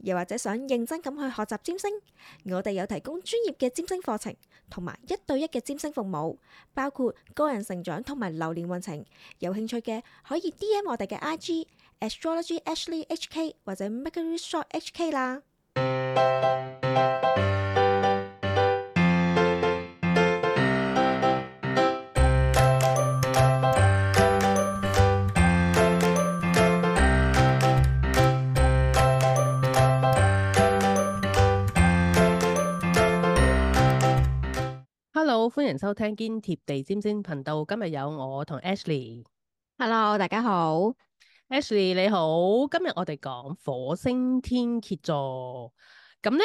又或者想認真咁去學習占星，我哋有提供專業嘅占星課程，同埋一對一嘅占星服務，包括個人成長同埋流年運程。有興趣嘅可以 DM 我哋嘅 IG Astrology Ashley HK 或者 Mercury Shop HK 啦。收聽堅貼地占星頻道，今日有我同 Ashley。Hello，大家好，Ashley 你好。今日我哋講火星天蠍座，咁咧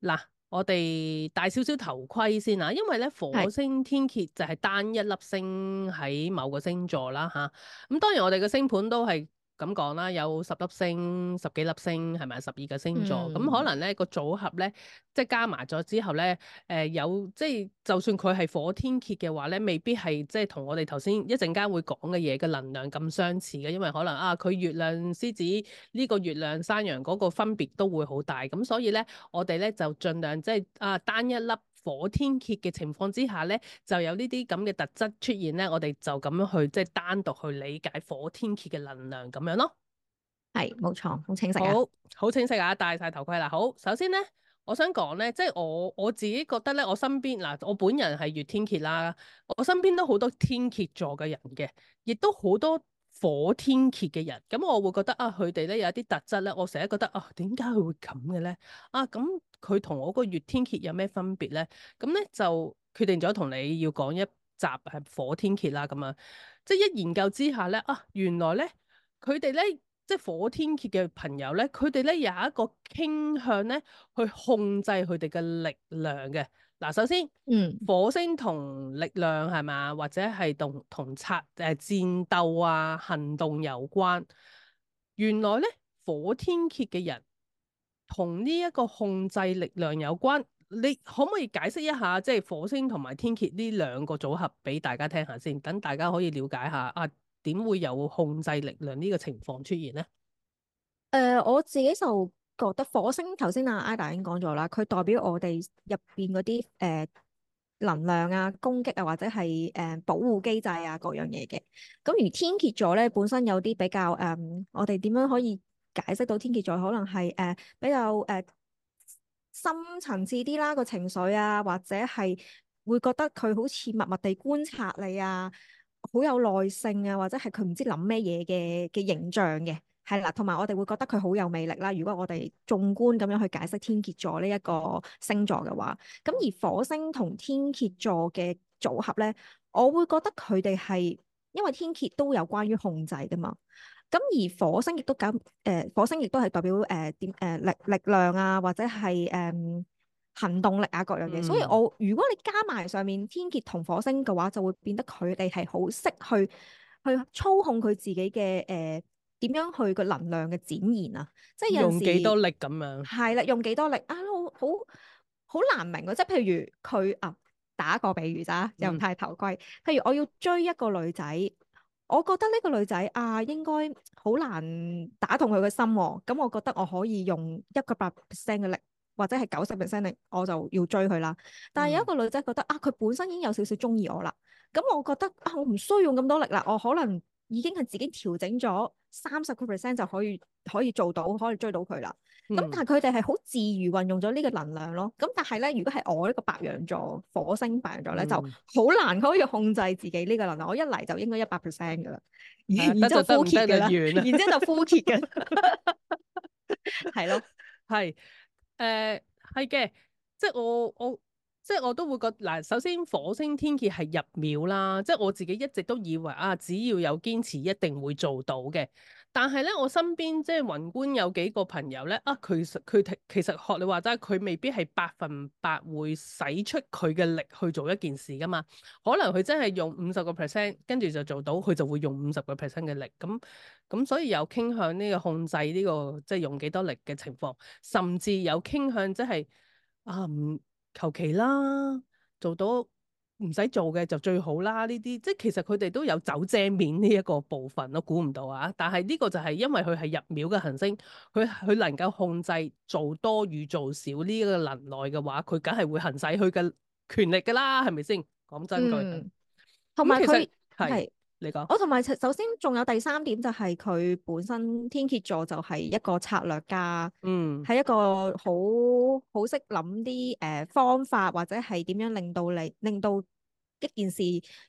嗱，我哋戴少少頭盔先啊，因為咧火星天蠍就係單一粒星喺某個星座啦吓。咁是當然我哋嘅星盤都係。咁講啦，有十粒星，十幾粒星，係咪十二個星座咁，嗯、可能咧、呢個組合咧，即係加埋咗之後咧，誒、呃、有即係就算佢係火天蠍嘅話咧，未必係即係同我哋頭先一陣間會講嘅嘢嘅能量咁相似嘅，因為可能啊，佢月亮獅子呢、呢個月亮山羊嗰個分別都會好大，咁所以咧，我哋咧就盡量即係啊單一粒。火天蠍嘅情況之下咧，就有呢啲咁嘅特質出現咧。我哋就咁樣去，即係單獨去理解火天蠍嘅能量咁樣咯。係，冇錯，好清晰啊。好，好清晰啊！戴晒頭盔嗱。好，首先咧，我想講咧，即係我我自己覺得咧，我身邊嗱，我本人係月天蠍啦，我身邊都好多天蠍座嘅人嘅，亦都好多。火天蠍嘅人，咁我會覺得啊，佢哋咧有一啲特質咧，我成日覺得啊，點解佢會咁嘅咧？啊，咁佢同我個、啊啊啊、月天蠍有咩分別咧？咁咧就決定咗同你要講一集係火天蠍啦，咁啊，即係一研究之下咧，啊，原來咧佢哋咧即係火天蠍嘅朋友咧，佢哋咧有一個傾向咧去控制佢哋嘅力量嘅。嗱，首先，嗯，火星同力量係咪，或者係同同拆誒戰鬥啊行動有關。原來咧，火天蠍嘅人同呢一個控制力量有關。你可唔可以解釋一下，即係火星同埋天蠍呢兩個組合，俾大家聽下先，等大家可以了解下啊，點會有控制力量呢個情況出現咧？誒、呃，我自己就。覺得火星頭先啊，Ida 已經講咗啦，佢代表我哋入邊嗰啲誒能量啊、攻擊啊，或者係誒、呃、保護機制啊各樣嘢嘅。咁而天蠍座咧，本身有啲比較誒、呃，我哋點樣可以解釋到天蠍座可能係誒、呃、比較誒、呃、深層次啲啦個情緒啊，或者係會覺得佢好似默默地觀察你啊，好有耐性啊，或者係佢唔知諗咩嘢嘅嘅形象嘅。係啦，同埋我哋會覺得佢好有魅力啦。如果我哋縱觀咁樣去解釋天蠍座呢一個星座嘅話，咁而火星同天蠍座嘅組合咧，我會覺得佢哋係因為天蠍都有關於控制㗎嘛，咁而火星亦都咁誒、呃，火星亦都係代表誒點誒力力量啊，或者係誒、呃、行動力啊各樣嘢。嗯、所以我如果你加埋上面天蠍同火星嘅話，就會變得佢哋係好識去去操控佢自己嘅誒。呃點樣去個能量嘅展現啊？即係有時用幾多力咁樣係啦，用幾多力啊，好好好難明。即係譬如佢啊，打個比喻咋又唔太頭盔。嗯、譬如我要追一個女仔，我覺得呢個女仔啊，應該好難打動佢嘅心，啊。咁我覺得我可以用一個百 percent 嘅力，或者係九十 percent 力，我就要追佢啦。但係有一個女仔覺得啊，佢本身已經有少少中意我啦。咁我覺得啊，我唔需要用咁多力啦。我可能已經係自己調整咗。三十個 percent 就可以可以做到，可以追到佢啦。咁但係佢哋係好自如運用咗呢個能量咯。咁但係咧，如果係我呢個白羊座、火星白羊座咧，就好難可以控制自己呢個能量。我一嚟就應該一百 percent 嘅啦，然然之後枯竭嘅啦，然之後就枯竭嘅。係 咯 的，係誒，係、呃、嘅，即係我我。我即係我都會覺，嗱，首先火星天蠍係入廟啦。即係我自己一直都以為啊，只要有堅持一定會做到嘅。但係咧，我身邊即係宏觀有幾個朋友咧，啊，佢佢其實學你話齋，佢未必係百分百會使出佢嘅力去做一件事噶嘛。可能佢真係用五十個 percent，跟住就做到，佢就會用五十個 percent 嘅力。咁咁，所以有傾向呢個控制呢個，即係用幾多力嘅情況，甚至有傾向即係啊唔。求其啦，做到唔使做嘅就最好啦。呢啲即係其實佢哋都有走正面呢一個部分咯，估唔到啊！但係呢個就係因為佢係入廟嘅行星，佢佢能夠控制做多與做少呢個能耐嘅話，佢梗係會行使佢嘅權力噶啦，係咪先？講真句、嗯，同埋其實係。嗯。你講我同埋，首先仲有第三點就係佢本身天蠍座就係一個策略家，嗯，係一個好好識諗啲誒方法或者係點樣令到你令到一件事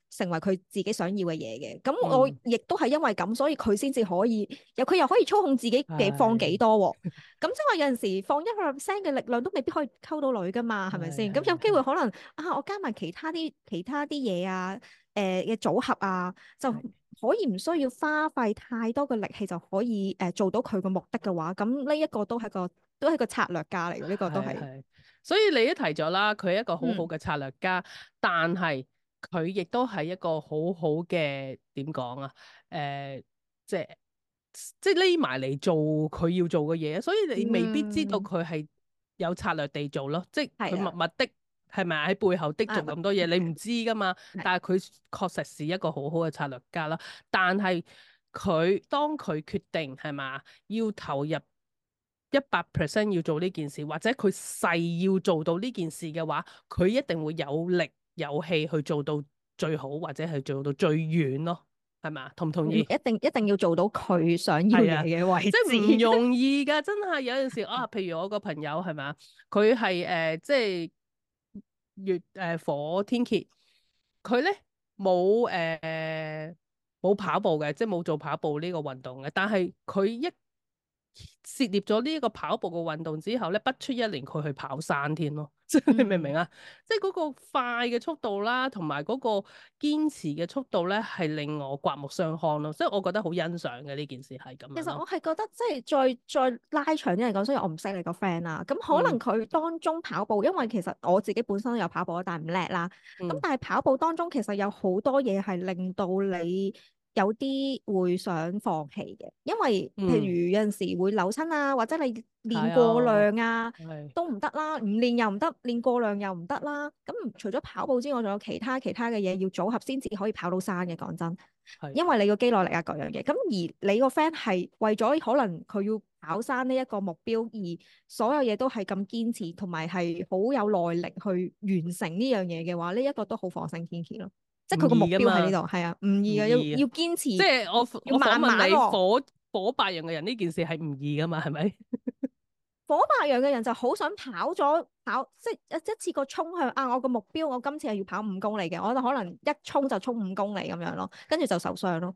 成為佢自己想要嘅嘢嘅。咁我亦都係因為咁，所以佢先至可以，又佢又可以操控自己嘅放幾多啊。咁即係話有陣時放一 percent 嘅力量都未必可以溝到女噶嘛，係咪先？咁的有機會可能啊，我加埋其他啲其他啲嘢啊。誒嘅、呃、組合啊，就可以唔需要花費太多嘅力氣就可以誒、呃、做到佢嘅目的嘅話，咁呢一個都係個都係個策略家嚟嘅，呢、這個都係。所以你都提咗啦，佢係一個好好嘅策略家，嗯、但係佢亦都係一個好好嘅點講啊？誒、呃，即係即係匿埋嚟做佢要做嘅嘢，所以你未必知道佢係有策略地做咯，嗯、即係佢默默的。嗯係咪喺背後的做咁多嘢？啊、你唔知噶嘛？嗯、但係佢確實是一個好好嘅策略家啦。但係佢當佢決定係嘛，要投入一百 percent 要做呢件事，或者佢誓要做到呢件事嘅話，佢一定會有力有氣去做到最好，或者係做到最遠咯。係嘛？同唔同意？嗯、一定一定要做到佢想要嘅位置，啊、即係唔容易噶。真係 有陣時啊，譬如我個朋友係嘛，佢係誒即係。月誒、呃、火天蠍，佢咧冇誒冇跑步嘅，即係冇做跑步呢個運動嘅，但係佢一。涉獵咗呢一個跑步嘅運動之後咧，不出一年佢去跑山添咯，即 係你明唔明啊？嗯、即係嗰個快嘅速度啦，同埋嗰個堅持嘅速度咧，係令我刮目相看咯、咯，所以我覺得好欣賞嘅呢件事係咁。其實我係覺得即係再再拉長啲嚟講，所以我唔識你個 friend 啦。咁可能佢當中跑步，因為其實我自己本身都有跑步，但係唔叻啦。咁、嗯、但係跑步當中，其實有好多嘢係令到你。有啲會想放棄嘅，因為譬如有陣時會扭親啊，或者你練過量啊，嗯、啊都唔得啦。唔練又唔得，練過量又唔得啦。咁除咗跑步之外，仲有其他其他嘅嘢要組合先至可以跑到山嘅。講真，是因為你個耐力啊，各樣嘢。咁而你個 friend 係為咗可能佢要跑山呢一個目標，而所有嘢都係咁堅持，同埋係好有耐力去完成呢樣嘢嘅話，呢、這、一個都好防心 k i k 咯。即係佢個目標喺呢度，係啊，唔易啊，要要堅持。即係我慢慢我訪問你，火火白羊嘅人呢件事係唔易噶嘛，係咪？火白羊嘅人， 人就好想跑咗跑，即係一一次過衝向啊！我個目標，我今次係要跑五公里嘅，我就可能一衝就衝五公里咁樣咯，跟住就受傷咯。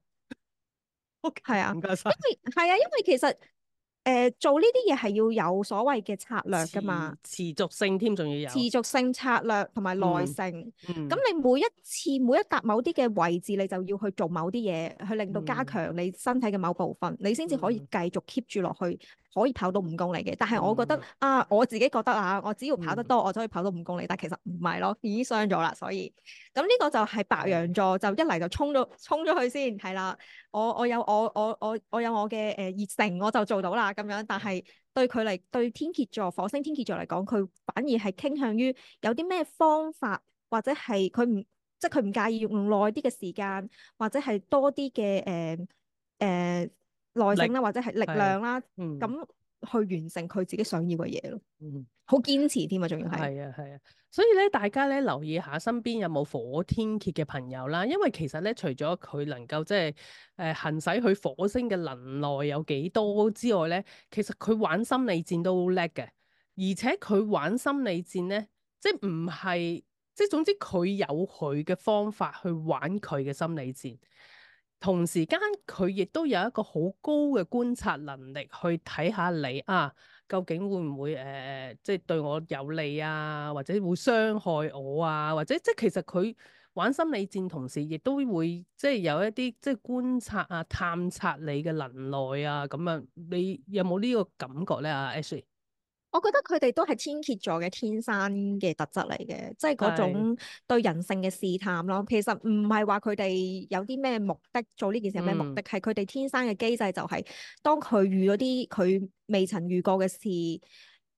OK，係啊，唔該晒。因為係 啊，因為其實。誒、呃，做呢啲嘢係要有所謂嘅策略，噶嘛，持，持續性添，仲要有持續性策略、同埋耐性。咁、嗯嗯、你每一次每一笪某啲嘅位置，你就要去做某啲嘢，去令到加強你身體嘅某部分，嗯、你先至可以繼續 keep 住落去。嗯嗯可以跑到五公里嘅，但係我覺得、嗯、啊，我自己覺得啊，我只要跑得多，我就可以跑到五公里，嗯、但其實唔係咯，已經傷咗啦。所以咁呢個就係白羊座，就一嚟就衝咗衝咗去先，係啦。我我有我我我我有我嘅誒、呃、熱誠，我就做到啦咁樣。但係對佢嚟，對天蠍座、火星天蠍座嚟講，佢反而係傾向於有啲咩方法，或者係佢唔即係佢唔介意用耐啲嘅時間，或者係多啲嘅誒誒。呃呃耐性啦，力或者係力量啦，咁的去完成佢自己想要嘅嘢咯。嗯的，好堅持添啊，仲要係。係啊，係啊。所以咧，大家咧留意下身邊有冇火天蠍嘅朋友啦。因為其實咧，除咗佢能夠即係誒行使佢火星嘅能耐有幾多之外咧，其實佢玩心理戰都好叻嘅。而且佢玩心理戰咧，即係唔係，即係總之佢有佢嘅方法去玩佢嘅心理戰。同時間佢亦都有一個好高嘅觀察能力去看看，去睇下你啊，究竟會唔會誒、呃，即係對我有利啊，或者會傷害我啊，或者即係其實佢玩心理戰，同時亦都會即係有一啲即係觀察啊、探測你嘅能耐啊咁樣，你有冇呢個感覺咧啊 Ashley？我覺得佢哋都係天蠍座嘅天生嘅特質嚟嘅，即係嗰種對人性嘅試探咯。其實唔係話佢哋有啲咩目的做呢件事，有咩目的，係佢哋天生嘅機制就係、是，當佢遇到啲佢未曾遇過嘅事，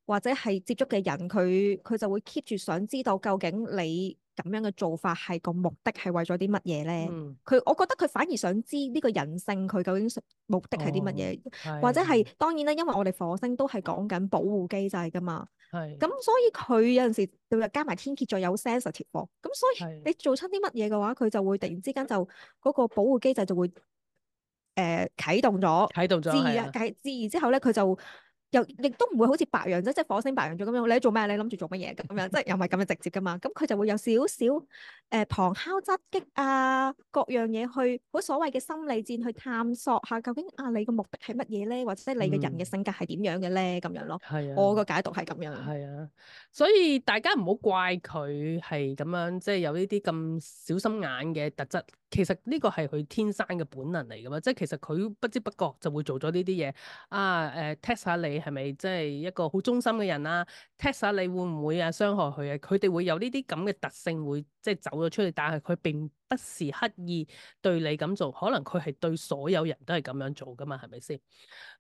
或者係接觸嘅人，佢佢就會 keep 住想知道究竟你。咁樣嘅做法係個目的係為咗啲乜嘢咧？佢、嗯、我覺得佢反而想知呢個人性佢究竟目的係啲乜嘢，哦、或者係是的 當然啦，因為我哋火星都係講緊保護機制噶嘛。係。咁所以佢有陣時對啊加埋天蠍座有 sensitive 咁所以你做出啲乜嘢嘅話，佢就會突然之間就嗰、嗰個保護機制就會誒啟動咗，啟動咗。自然啊，繼自然之後咧，佢就。又亦都唔會好似白羊仔，即係火星白羊座咁樣，樣。你喺做咩？你諗住做乜嘢？咁樣即係又唔係咁嘅直接噶嘛。咁佢就會有少少誒旁敲側擊啊，各樣嘢去好所謂嘅心理戰去探索下，究竟啊你嘅目的係乜嘢咧？或者你嘅人嘅性格係點樣嘅咧？咁樣咯。係、嗯、啊。我個解讀係咁樣。係啊。所以大家唔好怪佢係咁樣，即、就、係、是、有呢啲咁小心眼嘅特質。其實呢個係佢天生嘅本能嚟噶嘛，即係其實佢不知不覺就會做咗呢啲嘢啊。誒、呃、test 下你係咪即係一個好忠心嘅人啊？test 下你會唔會啊傷害佢啊？佢哋會有呢啲咁嘅特性會即係走咗出嚟，但係佢並不是刻意對你咁做，可能佢係對所有人都係咁樣做噶嘛，係咪先？咁、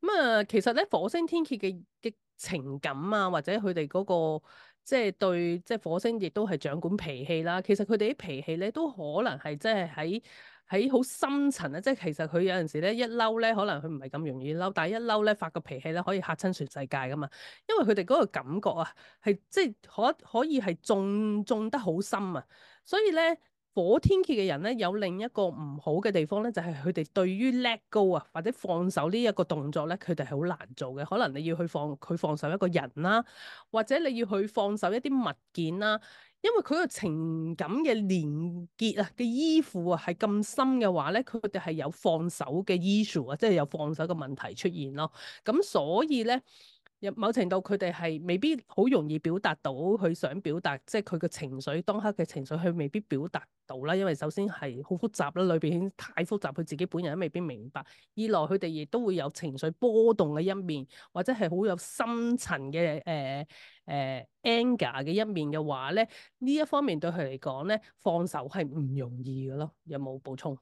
嗯、啊、呃，其實咧火星天蠍嘅嘅情感啊，或者佢哋嗰個。即係對，即係火星亦都係掌管脾氣啦。其實佢哋啲脾氣咧，都可能係即係喺喺好深層啊。即係其實佢有陣時咧一嬲咧，可能佢唔係咁容易嬲，但係一嬲咧發個脾氣咧，可以嚇親全世界㗎嘛。因為佢哋嗰個感覺啊，係即係可可以係種種得好深啊。所以咧。火天蠍嘅人咧，有另一個唔好嘅地方咧，就係佢哋對於 let go 啊，或者放手呢一個動作咧，佢哋係好難做嘅。可能你要去放佢放手一個人啦、啊，或者你要去放手一啲物件啦、啊，因為佢個情感嘅連結啊嘅依附啊係咁深嘅話咧，佢哋係有放手嘅 issue 啊，即係有放手嘅問題出現咯。咁所以咧。某程度，佢哋係未必好容易表達到佢想表達，即係佢嘅情緒當刻嘅情緒，佢未必表達到啦。因為首先係好複雜啦，裏邊太複雜，佢自己本人都未必明白。二來佢哋亦都會有情緒波動嘅一面，或者係好有深層嘅誒誒 anger 嘅一面嘅話咧，呢一方面對佢嚟講咧，放手係唔容易嘅咯。有冇補充？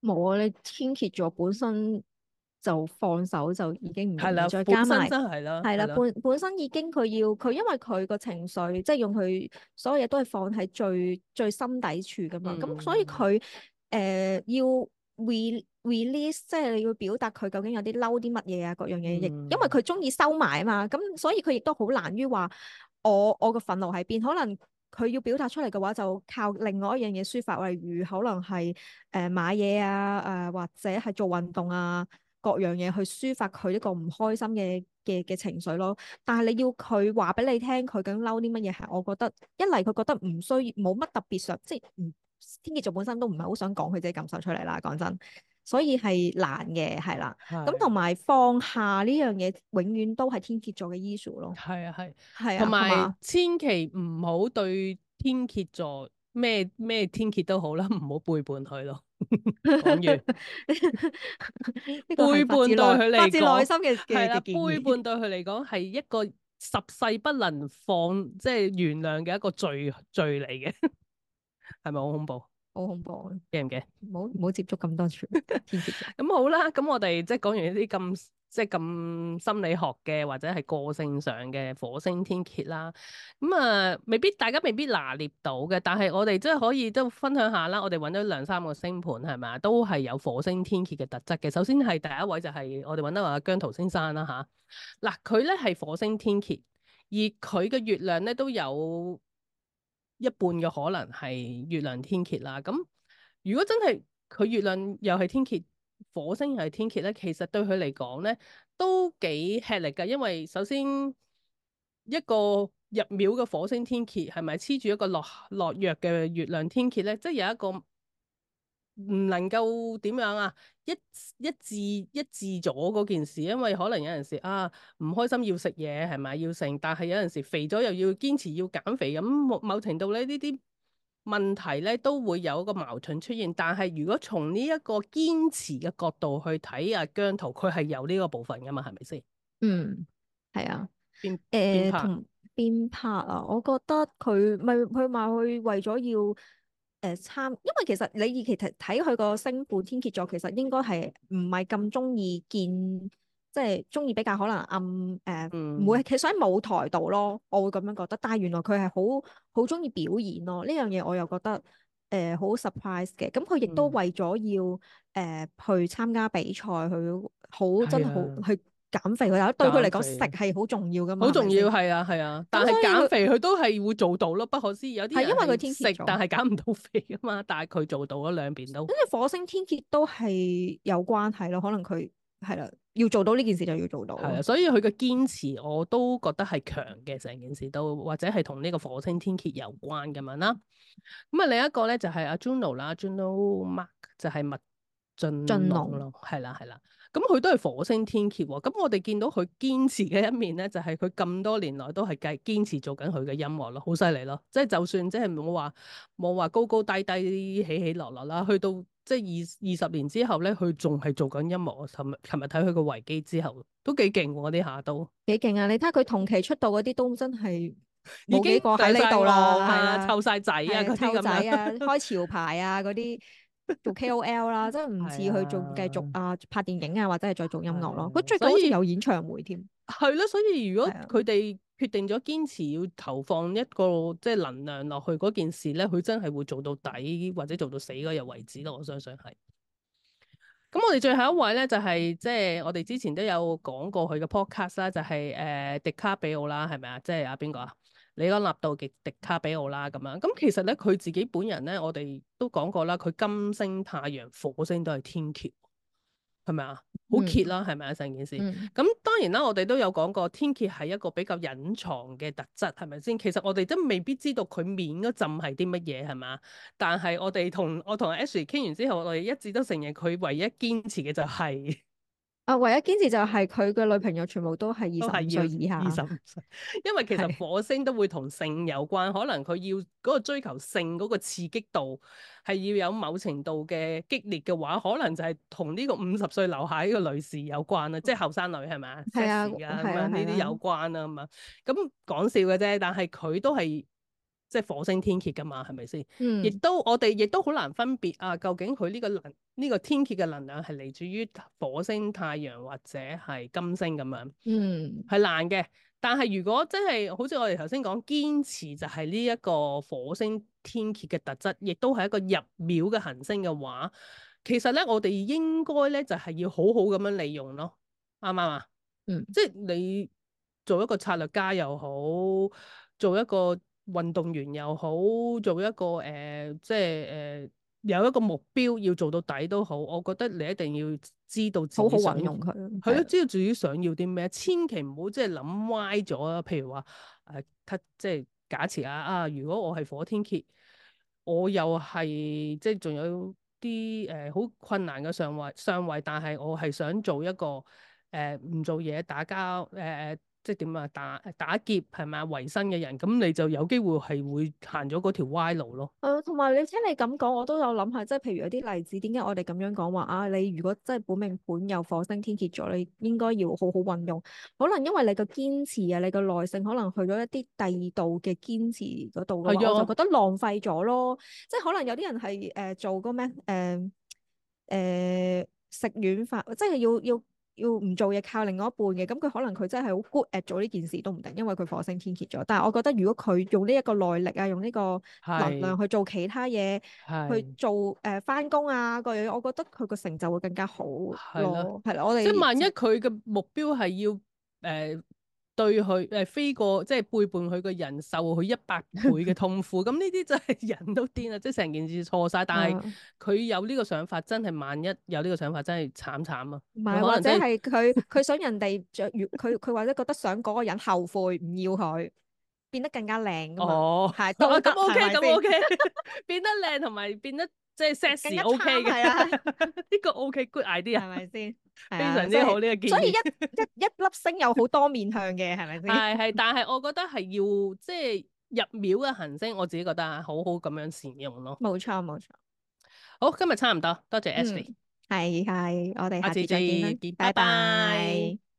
冇啊！你天蠍座本身。就放手就已經唔，係啦， 再加埋係啦，本身本身已經佢要佢，因為佢個情緒，即、就、係、是、用佢所有嘢都係放喺最最心底處噶嘛，咁、嗯、所以佢誒、呃、要 re release，即係你要表達佢究竟有啲嬲啲乜嘢啊，各樣嘢，亦因為佢中意收埋啊嘛，咁所以佢亦都好難於話我我個憤怒喺邊，可能佢要表達出嚟嘅話，就靠另外一樣嘢抒發，例如可能係誒、呃、買嘢啊，誒、呃、或者係做運動啊。各樣嘢，去抒發佢呢個唔開心嘅嘅嘅情緒咯，但係你要佢話俾你聽佢究竟嬲啲乜嘢，係我覺得一嚟佢覺得唔需要冇乜特別想，即係天蠍座本身都唔係好想講佢自己感受出嚟啦，講真，所以係難嘅係啦，咁同埋放下呢樣嘢永遠都係天蠍座嘅 issue 咯，係啊係，係啊，同埋、啊啊、有千祈唔好對天蠍座咩咩天蠍都好啦，唔好背叛佢咯。講嘢，背叛對佢嚟講，發自內心嘅係啦。的背叛對佢嚟講係一個十世不能放，即係原諒嘅一個罪罪嚟嘅，係咪好恐怖？好恐怖，驚唔驚？唔、 嗯、好唔好接觸咁多罪。咁好啦，咁我哋即係講完呢啲咁。即係咁心理學嘅或者係個性上嘅火星天蠍啦，咁、嗯、啊未必大家未必拿捏到嘅，但係我哋即係可以都分享下啦。我哋揾咗兩三個星盤係咪？都係有火星天蠍嘅特質嘅。首先係第一位就係我哋揾到阿姜濤先生啦吓，嗱佢咧係火星天蠍，而佢嘅月亮咧都有一半嘅可能係月亮天蠍啦。咁、嗯、如果真係佢月亮又係天蠍。火星喺天蠍咧，其實對佢嚟講咧都幾吃力㗎，因為首先一個入廟嘅火星天蠍係咪黐住一個落落弱嘅月亮天蠍咧？即係有一個唔能夠點樣啊，一一致一致咗嗰件事，因為可能有陣時啊唔開心要食嘢係咪要食，但係有陣時肥咗又要堅持要減肥咁，某程度咧呢啲。問題咧都會有一個矛盾出現，但係如果從呢一個堅持嘅角度去睇啊，姜濤佢係有呢個部分㗎嘛，係咪先？嗯，係啊。邊，呃、邊拍？邊拍啊！我覺得佢咪佢咪去為咗要誒參、呃，因為其實你而其實睇佢個星盤天蠍座，其實應該係唔係咁中意見。即係鍾意比較可能暗誒，唔、嗯呃、會其實喺舞台度咯，我會咁樣覺得。但係原來佢係好好鍾意表演咯，呢樣嘢我又覺得誒好 surprise 嘅。咁佢亦都為咗要誒、嗯呃、去參加比賽，去好真係好、啊、去減肥。佢對佢嚟講肥食係好重要㗎嘛，好重要，係啊係啊。啊啊，但係減肥佢都係會做到咯，不可思議。有啲係因為佢天蠍，但係減唔到肥㗎嘛。但係佢做到啦，兩邊都。因為 火星天蠍都係有關係咯，可能佢。係啦，要做到呢件事就要做到。係啊，所以佢嘅堅持我都覺得係強嘅，成件事都或者係同呢個火星天蠍有關咁樣啦。咁啊，另一個咧，就係、是、阿 Juno 啦 Juno Mak 就係麥浚龍咯，係啦係啦。咁佢都係火星天蠍喎。咁我哋見到佢堅持嘅一面咧，就係佢咁多年來都係繼堅持做緊佢嘅音樂咯，好犀利咯。即、就、係、是、就算即係唔好話冇話高高低低起起落落啦，去到。即係二二十年之後咧，佢仲係做緊音樂。琴日琴日睇佢個維基之後，都幾勁喎，啲下都幾勁啊！你睇下佢同期出道嗰啲都真係冇幾個喺呢度咯，係啊，湊晒仔啊，湊仔啊，啊，啊，開潮牌啊，嗰啲做 KOL 啦、啊， 真係唔似去做繼續 啊拍電影啊，或者係再做音樂咯。佢最近好似有演唱會添。係咯，所以如果佢哋決定咗堅持要投放一個即係能量落去嗰件事咧，佢真係會做到底，或者做到死嗰日為止咯。我相信係。咁我哋最後一位咧，就係、是、即係我哋之前都有講過佢嘅 podcast 啦、就是，就係誒迪卡比奧啦，係咪啊？即係阿邊個啊？你講納到嘅迪卡比奧啦咁樣。咁其實咧，佢自己本人咧，我哋都講過啦，佢金星、太陽、火星都係天蠍，係咪啊？好揭啦，係咪啊？成、嗯、件事咁，當然啦，我哋都有講過天蠍係一個比較隱藏嘅特質，係咪先？其實我哋都未必知道佢面嗰陣係啲乜嘢，係咪？但係我哋同我同 Ashley 傾完之後，我哋一致都承認佢唯一堅持嘅就係、是。啊，唯一堅持就係佢嘅女朋友全部都係二十歲以下，二十歲。因為其實火星都會同性有關，是可能佢要嗰個追求性嗰個刺激度，係要有某程度嘅激烈嘅話，可能就係同呢個五十歲樓下呢個女士有關啦，即係後生女係咪？係啊，係吧啊，呢啲有關啊嘛。咁講笑嘅啫，但係佢都係。即係火星天蠍噶嘛，係咪先？嗯，亦都我哋亦都好難分別啊，究竟佢呢個能呢、呢個天蠍嘅能量係嚟自於火星、太陽或者係金星咁樣？嗯，係難嘅。但係如果真係好似我哋頭先講，堅持就係呢一個火星天蠍嘅特質，亦都係一個入廟嘅行星嘅話，其實咧我哋應該咧就係、是、要好好咁樣利用咯，啱唔啱啊？嗯，即係你做一個策略家又好，做一個。運動員又好，做一個誒、呃，即係誒、呃、有一個目標要做到底都好。我覺得你一定要知道自己想好好運用佢，係咯的，知道自己想要啲咩，千祈唔好即係諗歪咗啊！譬如話誒、呃，即係假設啊啊，如果我係火天蠍，我又係即係仲有啲誒好困難嘅上位上位，但係我係想做一個誒唔、呃、做嘢打交誒。呃即係點啊？打打劫係咪啊？維生嘅人咁你就有機會係會行咗嗰條歪路咯。誒、嗯，同埋你聽你咁講，我都有諗下，即係譬如有啲例子，點解我哋咁樣講話啊？你如果即係本命盤有火星天蠍座，你應該要好好運用。可能因為你個堅持啊，你個耐性可能去咗一啲第二度嘅堅持嗰度，嘅話我就覺得浪費咗咯。即係可能有啲人係誒、呃、做嗰咩誒誒食軟飯，即係要要。要要要唔做嘢靠另外一半嘅，咁佢可能佢真係好 good at 做呢件事都唔定，因為佢火星天蠍座。但係我覺得如果佢用呢一個耐力啊，用呢個能量去做其他嘢，的去做誒返工啊個樣，我覺得佢個成就會更加好咯。係啦的，我哋即係萬一佢嘅目標係要誒。呃對佢誒飛過，即係背叛佢嘅人受佢一百倍嘅痛苦。咁呢啲真係人都癲啦，即係成件事錯晒。但係佢有呢個想法，真係萬一有呢個想法，真係慘慘啊！唔係、嗯，或者係佢佢想人哋著越佢佢或者覺得想嗰個人後悔唔要佢變得更加靚㗎嘛？哦，係咁、啊、OK，咁吧那 OK， 變得靚同埋變得。即係 sexy OK 嘅，呢、okay、的 個 O、OK, K good idea 係咪先？ 非常之好呢以個建議。所以一 一一粒星有好多面向嘅，係咪先？係係， 但係我覺得係要即係入廟嘅行星，我自己覺得好好咁樣善用咯。冇錯冇錯，錯好，今日差唔多，多謝,謝 Ashley，係係，我哋下次再見，見見拜拜。拜拜